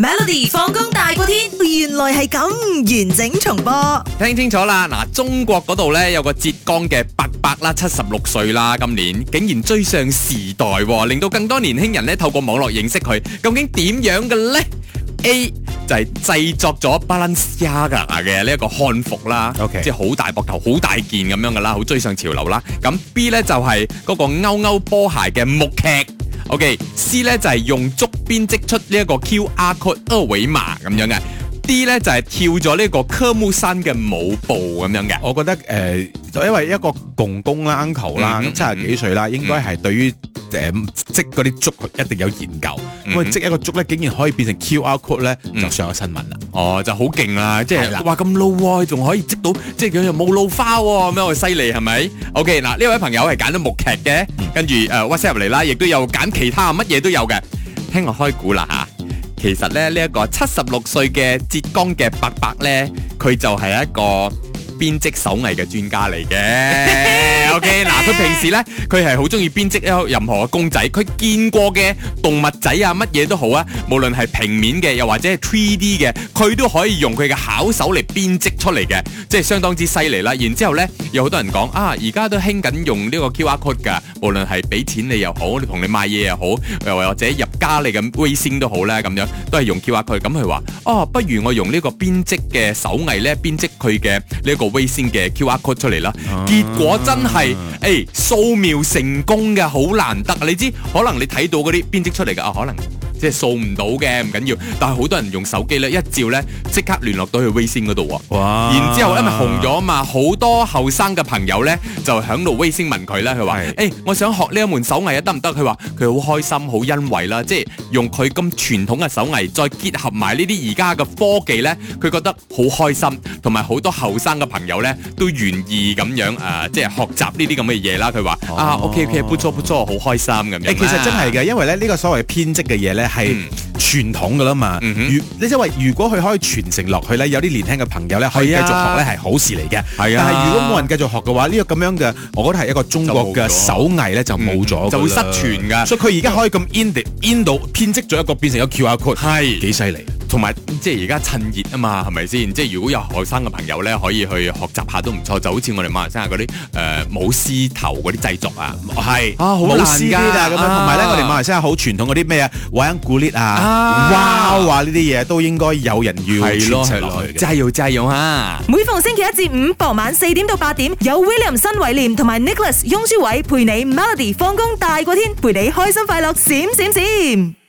Melody 放工大過天，原來係咁完整重播。聽清楚啦，嗱，中國嗰度咧有個浙江嘅伯伯啦，七十六歲啦，今年竟然追上時代，令到更多年輕人咧透過網絡認識佢。究竟點樣嘅呢？A 就係製作咗 Balenciaga 嘅呢一個漢服啦，OK，即係好大膊頭、好大件咁樣噶啦，好追上潮流啦。咁 B 呢，就係嗰個勾勾波鞋嘅木屐。O.K. C 呢就係、是、用竹編織出呢一個 QR code 二維碼咁樣嘅。啲咧就係、是、跳咗呢個科目三嘅舞步咁樣嘅，我覺得誒、呃，就因為一個公公啦、uncle 啦、mm，咁、hmm. 七十幾歲啦，mm hmm. 應該係對於誒、呃、織嗰啲竹一定有研究，咁佢、mm hmm. 織一個竹咧，竟然可以變成 QR code 咧、mm，hmm. 就上咗新聞啦。哦，就好勁啦，即係話咁 low 老喎，仲了、啊、可以織到，即係佢又冇老花喎、啊，咁樣犀利係咪？OK，嗱呢位朋友係揀咗木劇嘅，跟住誒 WhatsApp 嚟啦，亦、uh, 都有揀其他乜嘢都有嘅，聽我開估啦嚇。其實咧，呢、這、一個七十六歲嘅浙江嘅伯伯呢，佢就係一個。編織手藝嘅專家嚟嘅 ，OK 嗱，佢平時呢，佢係好中意編織任何嘅公仔，佢見過嘅動物仔啊，乜嘢都好啊，無論係平面嘅，又或者係 3D 嘅，佢都可以用佢嘅巧手嚟編織出嚟嘅，即係相當之犀利啦。然之後咧，有好多人講啊，而家都興緊用呢個 QR code 噶，無論係俾錢你又好，同你買嘢又好，又或者入家你咁微信都好咧，咁樣都係用 QR code。咁佢話哦，不如我用呢個編織嘅手藝呢，編織佢嘅呢個。微信嘅 QR code 出嚟啦，uh、結果真係誒掃描成功嘅，好難得，你知可能你睇到嗰啲編輯出嚟嘅啊，可能。即係掃唔到嘅，唔緊要。但係好多人用手機咧，一照咧即刻聯絡到去 WeChat 嗰度啊。哇！然之後因為紅咗嘛，好多後生嘅朋友咧就響度 WeChat 問佢啦。佢話，誒係、欸，我想學呢一門手藝啊，得唔得？佢話佢好開心，好欣慰啦。即係用佢咁傳統嘅手藝，再結合埋呢啲而家嘅科技咧，佢覺得好開心。同埋好多後生嘅朋友咧都願意咁樣誒、呃，即係學習呢啲咁嘅嘢啦。佢話，哦、啊，OK，P，B，P，B，好開心咁。誒、okay, okay，其實真係嘅，因為咧呢個所謂編織嘅嘢咧。係傳統噶啦嘛，嗯、哼如你因為如果佢可以傳承落去咧，有啲年輕嘅朋友咧可以繼續學咧係好事嚟嘅。係啊，但係如果冇人繼續學嘅話，呢、呢個咁樣嘅，我覺得係一個中國嘅手藝咧就冇咗、嗯，就會失傳噶。嗯、所以佢而家可以咁 in 跌到編織咗一個變成一個 QR code，係幾犀利。是同埋即係而家趁熱啊嘛，係咪先？即係如果有學生嘅朋友咧，可以去學習下都唔錯。就好似我哋馬來西亞嗰啲誒舞獅頭嗰啲製作啊，係舞獅啊咁樣。同埋咧，我哋馬來西亞好傳統嗰啲咩啊，玩古 lift 啊、啊哇哇呢啲嘢，都應該有人要。係咯係咯，借用借用嚇。啊、每逢星期一至五傍晚四點到八點，有 William 新偉廉同埋 Nicholas 雍書偉陪你 Melody 放工大過天，陪你開心快樂閃,閃閃閃。